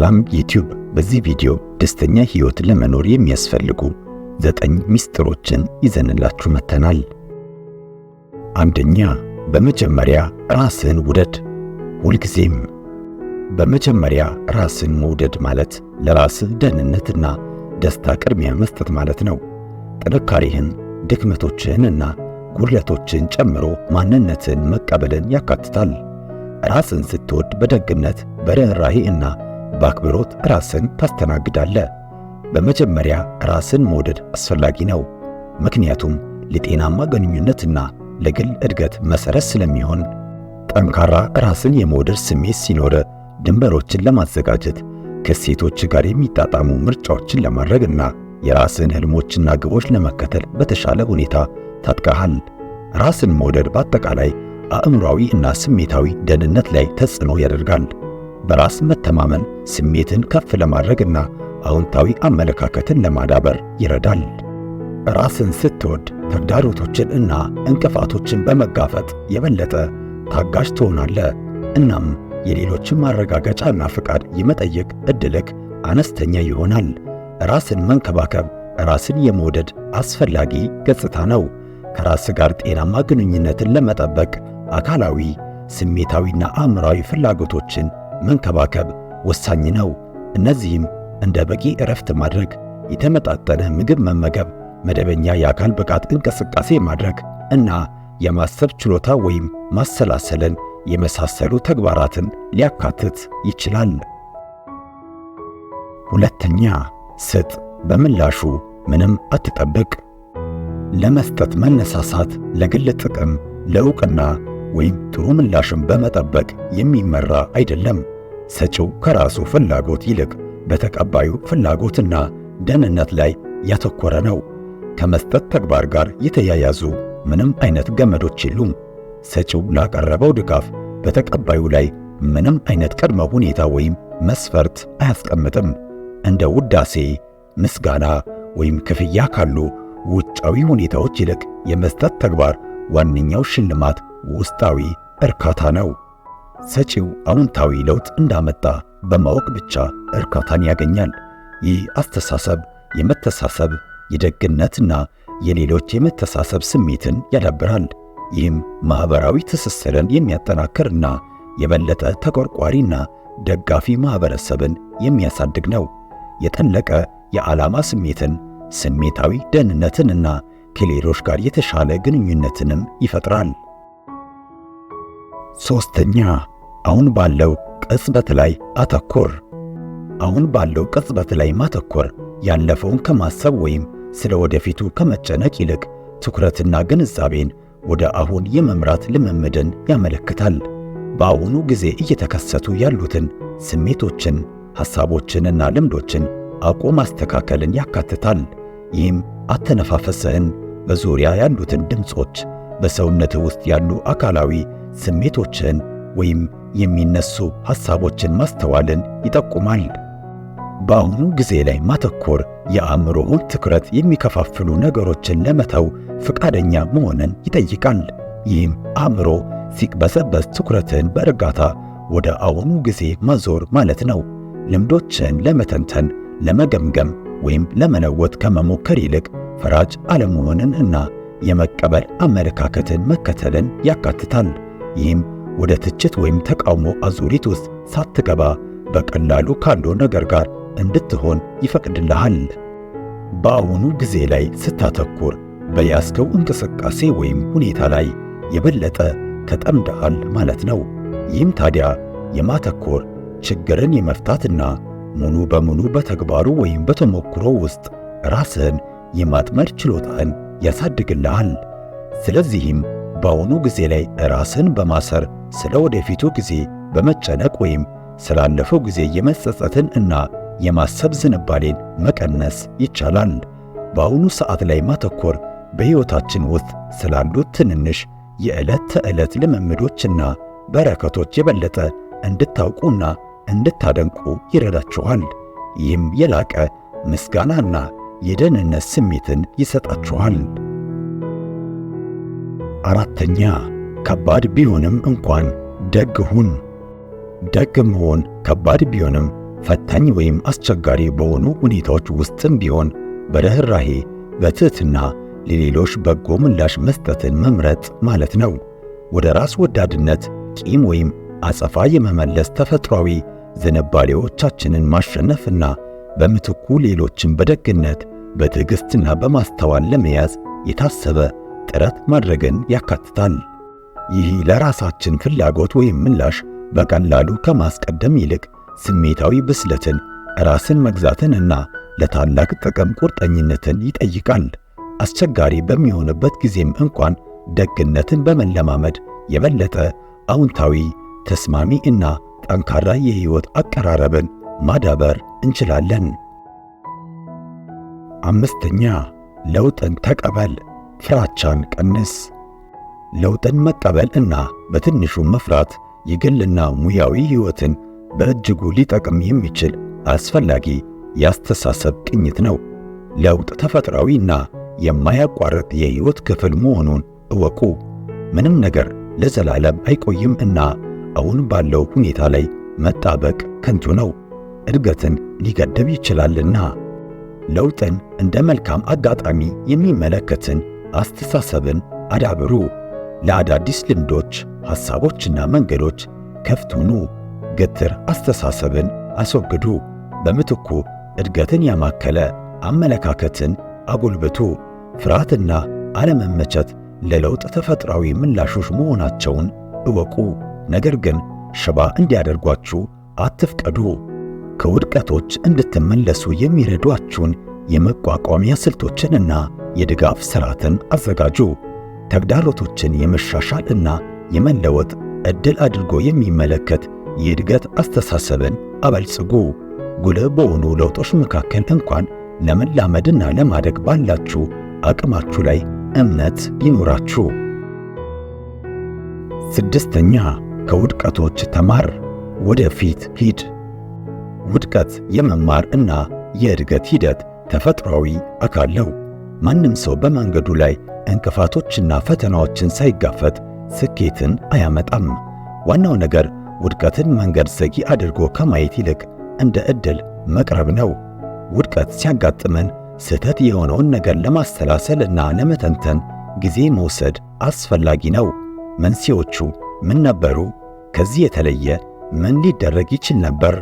ሰላም ዩቲዩብ በዚህ ቪዲዮ ደስተኛ ህይወት ለመኖር የሚያስፈልጉ ዘጠኝ ሚስጥሮችን ይዘንላችሁ መጥተናል። አንደኛ፣ በመጀመሪያ ራስን ውደድ። ሁልጊዜም በመጀመሪያ ራስን መውደድ ማለት ለራስህ ደህንነትና ደስታ ቅድሚያ መስጠት ማለት ነው። ጥንካሬህን፣ ድክመቶችህንና ጉድለቶችን ጨምሮ ማንነትን መቀበልን ያካትታል። ራስን ስትወድ በደግነት በርኅራሄ እና በአክብሮት ራስን ታስተናግዳለ። በመጀመሪያ ራስን መውደድ አስፈላጊ ነው፣ ምክንያቱም ለጤናማ ግንኙነትና ለግል እድገት መሰረት ስለሚሆን። ጠንካራ ራስን የመውደድ ስሜት ሲኖር ድንበሮችን ለማዘጋጀት ከሴቶች ጋር የሚጣጣሙ ምርጫዎችን ለማድረግና የራስን ህልሞችና ግቦች ለመከተል በተሻለ ሁኔታ ታጥቀሃል። ራስን መውደድ በአጠቃላይ አእምሯዊ እና ስሜታዊ ደህንነት ላይ ተጽዕኖ ያደርጋል። በራስ መተማመን ስሜትን ከፍ ለማድረግና አዎንታዊ አመለካከትን ለማዳበር ይረዳል። ራስን ስትወድ ተግዳሮቶችን እና እንቅፋቶችን በመጋፈጥ የበለጠ ታጋሽ ትሆናለ። እናም የሌሎችን ማረጋገጫና ፍቃድ የመጠየቅ እድልክ አነስተኛ ይሆናል። ራስን መንከባከብ ራስን የመውደድ አስፈላጊ ገጽታ ነው። ከራስ ጋር ጤናማ ግንኙነትን ለመጠበቅ አካላዊ፣ ስሜታዊና አእምራዊ ፍላጎቶችን መንከባከብ ወሳኝ ነው። እነዚህም እንደ በቂ እረፍት ማድረግ፣ የተመጣጠነ ምግብ መመገብ፣ መደበኛ የአካል ብቃት እንቅስቃሴ ማድረግ እና የማሰብ ችሎታ ወይም ማሰላሰልን የመሳሰሉ ተግባራትን ሊያካትት ይችላል። ሁለተኛ፣ ስጥ፣ በምላሹ ምንም አትጠብቅ። ለመስጠት መነሳሳት ለግል ጥቅም፣ ለእውቅና ወይም ጥሩ ምላሽን በመጠበቅ የሚመራ አይደለም። ሰጪው ከራሱ ፍላጎት ይልቅ በተቀባዩ ፍላጎትና ደህንነት ላይ ያተኮረ ነው። ከመስጠት ተግባር ጋር የተያያዙ ምንም አይነት ገመዶች የሉም። ሰጪው ላቀረበው ድጋፍ በተቀባዩ ላይ ምንም አይነት ቅድመ ሁኔታ ወይም መስፈርት አያስቀምጥም። እንደ ውዳሴ፣ ምስጋና ወይም ክፍያ ካሉ ውጫዊ ሁኔታዎች ይልቅ የመስጠት ተግባር ዋነኛው ሽልማት ውስጣዊ እርካታ ነው። ሰጪው አዎንታዊ ለውጥ እንዳመጣ በማወቅ ብቻ እርካታን ያገኛል። ይህ አስተሳሰብ የመተሳሰብ የደግነትና የሌሎች የመተሳሰብ ስሜትን ያዳብራል። ይህም ማኅበራዊ ትስስርን የሚያጠናክርና የበለጠ ተቆርቋሪና ደጋፊ ማኅበረሰብን የሚያሳድግ ነው። የጠለቀ የዓላማ ስሜትን፣ ስሜታዊ ደህንነትንና ከሌሎች ጋር የተሻለ ግንኙነትንም ይፈጥራል። ሶስተኛ አሁን ባለው ቅጽበት ላይ አተኩር። አሁን ባለው ቅጽበት ላይ ማተኮር ያለፈውን ከማሰብ ወይም ስለ ወደፊቱ ከመጨነቅ ይልቅ ትኩረትና ግንዛቤን ወደ አሁን የመምራት ልምምድን ያመለክታል። በአሁኑ ጊዜ እየተከሰቱ ያሉትን ስሜቶችን፣ ሐሳቦችንና ልምዶችን አውቆ ማስተካከልን ያካትታል። ይህም አተነፋፈስህን፣ በዙሪያ ያሉትን ድምፆች፣ በሰውነትህ ውስጥ ያሉ አካላዊ ስሜቶችን ወይም የሚነሱ ሐሳቦችን ማስተዋልን ይጠቁማል። በአሁኑ ጊዜ ላይ ማተኮር የአእምሮውን ትኩረት የሚከፋፍሉ ነገሮችን ለመተው ፈቃደኛ መሆንን ይጠይቃል። ይህም አእምሮ ሲቅበዘበዝ ትኩረትን በእርጋታ ወደ አሁኑ ጊዜ ማዞር ማለት ነው። ልምዶችን ለመተንተን፣ ለመገምገም ወይም ለመለወጥ ከመሞከር ይልቅ ፈራጭ አለመሆንን እና የመቀበል አመለካከትን መከተልን ያካትታል። ይህም ወደ ትችት ወይም ተቃውሞ አዙሪት ውስጥ ሳትገባ በቀላሉ ካለው ነገር ጋር እንድትሆን ይፈቅድልሃል። በአሁኑ ጊዜ ላይ ስታተኩር በያዝከው እንቅስቃሴ ወይም ሁኔታ ላይ የበለጠ ተጠምደሃል ማለት ነው። ይህም ታዲያ የማተኮር ችግርን የመፍታትና ሙሉ በሙሉ በተግባሩ ወይም በተሞክሮ ውስጥ ራስህን የማጥመድ ችሎታን ያሳድግልሃል። ስለዚህም በአሁኑ ጊዜ ላይ ራስን በማሰር ስለ ወደፊቱ ጊዜ በመጨነቅ ወይም ስላለፈው ጊዜ የመጸጸትን እና የማሰብ ዝንባሌን መቀነስ ይቻላል። በአሁኑ ሰዓት ላይ ማተኮር በሕይወታችን ውስጥ ስላሉት ትንንሽ የዕለት ተዕለት ልምምዶችና በረከቶች የበለጠ እንድታውቁና እንድታደንቁ ይረዳችኋል። ይህም የላቀ ምስጋናና የደህንነት ስሜትን ይሰጣችኋል። አራተኛ ከባድ ቢሆንም እንኳን ደግ ሁን። ደግ መሆን ከባድ ቢሆንም ፈታኝ ወይም አስቸጋሪ በሆኑ ሁኔታዎች ውስጥም ቢሆን በርኅራኄ በትሕትና ለሌሎች በጎ ምላሽ መስጠትን መምረጥ ማለት ነው። ወደ ራስ ወዳድነት፣ ቂም ወይም አጸፋ የመመለስ ተፈጥሯዊ ዝንባሌዎቻችንን ማሸነፍና በምትኩ ሌሎችን በደግነት በትዕግሥትና በማስተዋል ለመያዝ የታሰበ ጥረት ማድረግን ያካትታል። ይህ ለራሳችን ፍላጎት ወይም ምላሽ በቀላሉ ከማስቀደም ይልቅ ስሜታዊ ብስለትን፣ ራስን መግዛትን እና ለታላቅ ጥቅም ቁርጠኝነትን ይጠይቃል። አስቸጋሪ በሚሆንበት ጊዜም እንኳን ደግነትን በመለማመድ የበለጠ አውንታዊ ተስማሚ እና ጠንካራ የህይወት አቀራረብን ማዳበር እንችላለን። አምስተኛ ለውጥን ተቀበል። ፍራቻን ቀንስ። ለውጥን መቀበል እና በትንሹ መፍራት የግልና ሙያዊ ሕይወትን በእጅጉ ሊጠቅም የሚችል አስፈላጊ የአስተሳሰብ ቅኝት ነው። ለውጥ ተፈጥሯዊና የማያቋርጥ የሕይወት ክፍል መሆኑን እወቁ። ምንም ነገር ለዘላለም አይቆይም እና አሁን ባለው ሁኔታ ላይ መጣበቅ ከንቱ ነው፣ እድገትን ሊገደብ ይችላልና። ለውጥን እንደ መልካም አጋጣሚ የሚመለከትን አስተሳሰብን አዳብሩ። ለአዳዲስ ልምዶች፣ ሐሳቦችና መንገዶች ክፍት ሁኑ። ግትር አስተሳሰብን አስወግዱ። በምትኩ እድገትን ያማከለ አመለካከትን አጎልብቱ። ፍርሃትና አለመመቸት ለለውጥ ተፈጥሯዊ ምላሾች መሆናቸውን እወቁ። ነገር ግን ሽባ እንዲያደርጓችሁ አትፍቀዱ። ከውድቀቶች እንድትመለሱ የሚረዷችሁን የመቋቋሚያ ስልቶችንና የድጋፍ ስርዓትን አዘጋጁ። ተግዳሮቶችን የመሻሻል እና የመለወጥ ዕድል አድርጎ የሚመለከት የእድገት አስተሳሰብን አበልጽጉ። ጉልህ በሆኑ ለውጦች መካከል እንኳን ለመላመድና ለማደግ ባላችሁ አቅማችሁ ላይ እምነት ይኑራችሁ። ስድስተኛ ከውድቀቶች ተማር፣ ወደፊት ሂድ። ውድቀት የመማር እና የእድገት ሂደት ተፈጥሯዊ አካል ነው። ማንም ሰው በመንገዱ ላይ እንቅፋቶችና ፈተናዎችን ሳይጋፈጥ ስኬትን አያመጣም። ዋናው ነገር ውድቀትን መንገድ ዘጊ አድርጎ ከማየት ይልቅ እንደ ዕድል መቅረብ ነው። ውድቀት ሲያጋጥመን ስህተት የሆነውን ነገር ለማሰላሰል እና ለመተንተን ጊዜ መውሰድ አስፈላጊ ነው። መንስኤዎቹ ምን ነበሩ? ከዚህ የተለየ ምን ሊደረግ ይችል ነበር?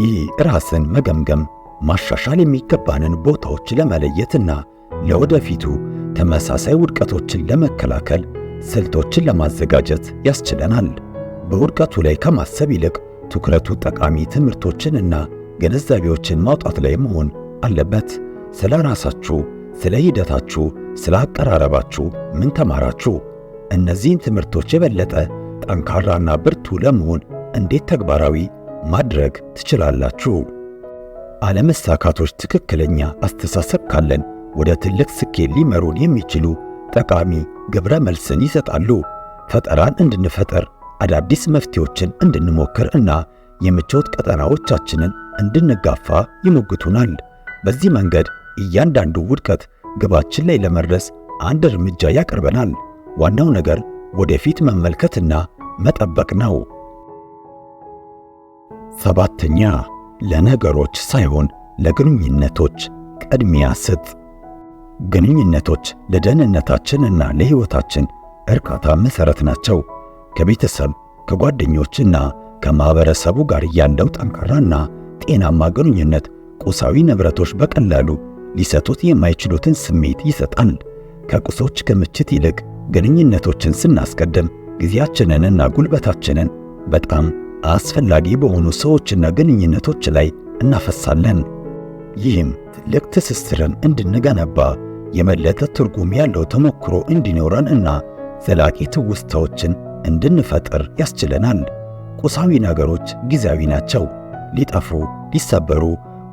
ይህ ራስን መገምገም ማሻሻል የሚገባንን ቦታዎች ለመለየትና ለወደፊቱ ተመሳሳይ ውድቀቶችን ለመከላከል ስልቶችን ለማዘጋጀት ያስችለናል። በውድቀቱ ላይ ከማሰብ ይልቅ ትኩረቱ ጠቃሚ ትምህርቶችን እና ግንዛቤዎችን ማውጣት ላይ መሆን አለበት። ስለ ራሳችሁ፣ ስለ ሂደታችሁ፣ ስለ አቀራረባችሁ ምን ተማራችሁ? እነዚህን ትምህርቶች የበለጠ ጠንካራና ብርቱ ለመሆን እንዴት ተግባራዊ ማድረግ ትችላላችሁ? አለመሳካቶች ትክክለኛ አስተሳሰብ ካለን ወደ ትልቅ ስኬት ሊመሩን የሚችሉ ጠቃሚ ግብረ መልስን ይሰጣሉ። ፈጠራን እንድንፈጠር አዳዲስ መፍትሄዎችን እንድንሞክር እና የምቾት ቀጠናዎቻችንን እንድንጋፋ ይሞግቱናል። በዚህ መንገድ እያንዳንዱ ውድቀት ግባችን ላይ ለመድረስ አንድ እርምጃ ያቀርበናል። ዋናው ነገር ወደፊት መመልከትና መጠበቅ ነው። ሰባተኛ፣ ለነገሮች ሳይሆን ለግንኙነቶች ቅድሚያ ስጥ። ግንኙነቶች ለደህንነታችንና ለሕይወታችን እርካታ መሠረት ናቸው። ከቤተሰብ ከጓደኞችና ከማኅበረሰቡ ጋር ያለው ጠንካራና ጤናማ ግንኙነት ቁሳዊ ንብረቶች በቀላሉ ሊሰጡት የማይችሉትን ስሜት ይሰጣል። ከቁሶች ክምችት ይልቅ ግንኙነቶችን ስናስቀድም ጊዜያችንንና ጉልበታችንን በጣም አስፈላጊ በሆኑ ሰዎችና ግንኙነቶች ላይ እናፈሳለን። ይህም ትልቅ ትስስርን እንድንገነባ የመለጠ ትርጉም ያለው ተሞክሮ እንዲኖረን እና ዘላቂ ትውስታዎችን እንድንፈጥር ያስችለናል። ቁሳዊ ነገሮች ጊዜያዊ ናቸው። ሊጠፉ፣ ሊሰበሩ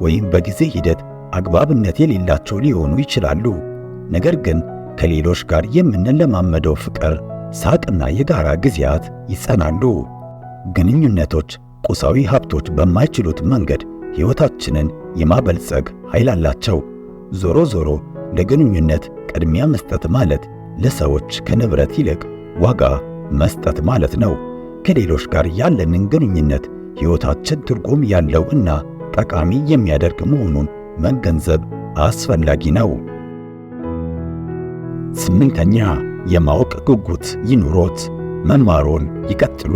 ወይም በጊዜ ሂደት አግባብነት የሌላቸው ሊሆኑ ይችላሉ። ነገር ግን ከሌሎች ጋር የምንለማመደው ፍቅር፣ ሳቅና የጋራ ጊዜያት ይጸናሉ። ግንኙነቶች ቁሳዊ ሀብቶች በማይችሉት መንገድ ሕይወታችንን የማበልጸግ ኃይል አላቸው። ዞሮ ዞሮ ለግንኙነት ቅድሚያ መስጠት ማለት ለሰዎች ከንብረት ይልቅ ዋጋ መስጠት ማለት ነው። ከሌሎች ጋር ያለንን ግንኙነት ሕይወታችን ትርጉም ያለው እና ጠቃሚ የሚያደርግ መሆኑን መገንዘብ አስፈላጊ ነው። ስምንተኛ የማወቅ ጉጉት ይኑሮት፣ መማሮን ይቀጥሉ።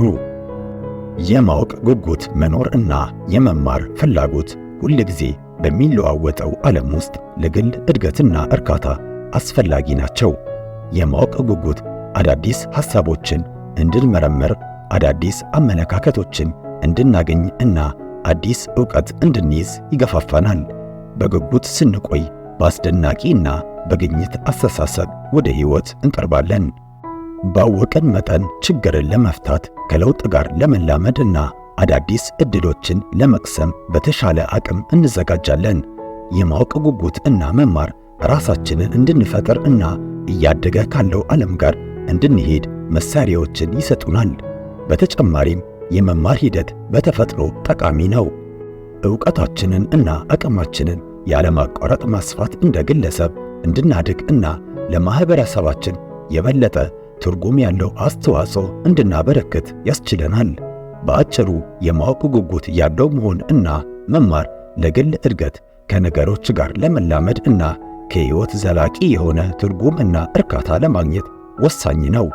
የማወቅ ጉጉት መኖር እና የመማር ፍላጎት ሁል ጊዜ በሚለዋወጠው ዓለም ውስጥ ለግል እድገትና እርካታ አስፈላጊ ናቸው። የማወቅ ጉጉት አዳዲስ ሐሳቦችን እንድንመረምር፣ አዳዲስ አመለካከቶችን እንድናገኝ እና አዲስ ዕውቀት እንድንይዝ ይገፋፋናል። በጉጉት ስንቆይ በአስደናቂ እና በግኝት አስተሳሰብ ወደ ሕይወት እንቀርባለን። ባወቀን መጠን ችግርን ለመፍታት ከለውጥ ጋር ለመላመድ እና አዳዲስ እድሎችን ለመቅሰም በተሻለ አቅም እንዘጋጃለን። የማወቅ ጉጉት እና መማር ራሳችንን እንድንፈጥር እና እያደገ ካለው ዓለም ጋር እንድንሄድ መሳሪያዎችን ይሰጡናል። በተጨማሪም የመማር ሂደት በተፈጥሮ ጠቃሚ ነው። ዕውቀታችንን እና አቅማችንን ያለማቋረጥ ማስፋት እንደ ግለሰብ እንድናድግ እና ለማኅበረሰባችን የበለጠ ትርጉም ያለው አስተዋጽኦ እንድናበረክት ያስችለናል። በአጭሩ የማወቅ ጉጉት ያለው መሆን እና መማር ለግል እድገት ከነገሮች ጋር ለመላመድ እና ከሕይወት ዘላቂ የሆነ ትርጉም እና እርካታ ለማግኘት ወሳኝ ነው።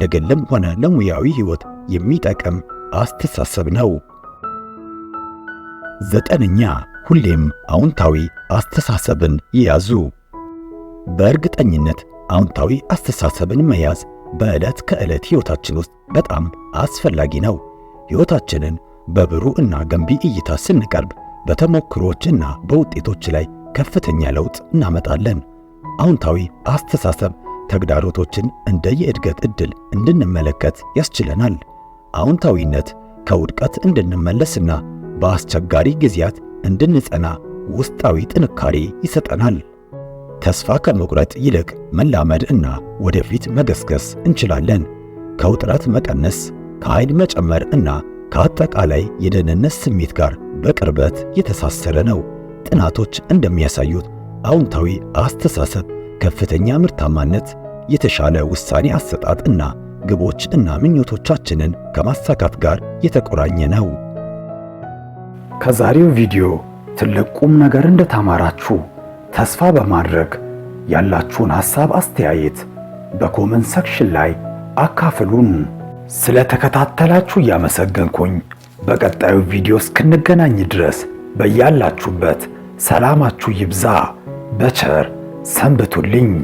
ለግልም ሆነ ለሙያዊ ሕይወት የሚጠቅም አስተሳሰብ ነው። ዘጠነኛ ሁሌም አውንታዊ አስተሳሰብን ይያዙ። በእርግጠኝነት አውንታዊ አስተሳሰብን መያዝ በዕለት ከዕለት ሕይወታችን ውስጥ በጣም አስፈላጊ ነው። ሕይወታችንን በብሩህ እና ገንቢ እይታ ስንቀርብ በተሞክሮዎች እና በውጤቶች ላይ ከፍተኛ ለውጥ እናመጣለን። አዎንታዊ አስተሳሰብ ተግዳሮቶችን እንደ የእድገት ዕድል እንድንመለከት ያስችለናል። አዎንታዊነት ከውድቀት እንድንመለስና በአስቸጋሪ ጊዜያት እንድንጸና ውስጣዊ ጥንካሬ ይሰጠናል። ተስፋ ከመቁረጥ ይልቅ መላመድ እና ወደፊት መገስገስ እንችላለን። ከውጥረት መቀነስ ከኃይል መጨመር እና ከአጠቃላይ የደህንነት ስሜት ጋር በቅርበት የተሳሰረ ነው። ጥናቶች እንደሚያሳዩት አዎንታዊ አስተሳሰብ ከፍተኛ ምርታማነት፣ የተሻለ ውሳኔ አሰጣጥ እና ግቦች እና ምኞቶቻችንን ከማሳካት ጋር የተቆራኘ ነው። ከዛሬው ቪዲዮ ትልቅ ቁም ነገር እንደተማራችሁ ተስፋ በማድረግ ያላችሁን ሐሳብ አስተያየት በኮመንት ሰክሽን ላይ አካፍሉን። ስለተከታተላችሁ እያመሰገንኩኝ በቀጣዩ ቪዲዮ እስክንገናኝ ድረስ በያላችሁበት ሰላማችሁ ይብዛ። በቸር ሰንብቱልኝ።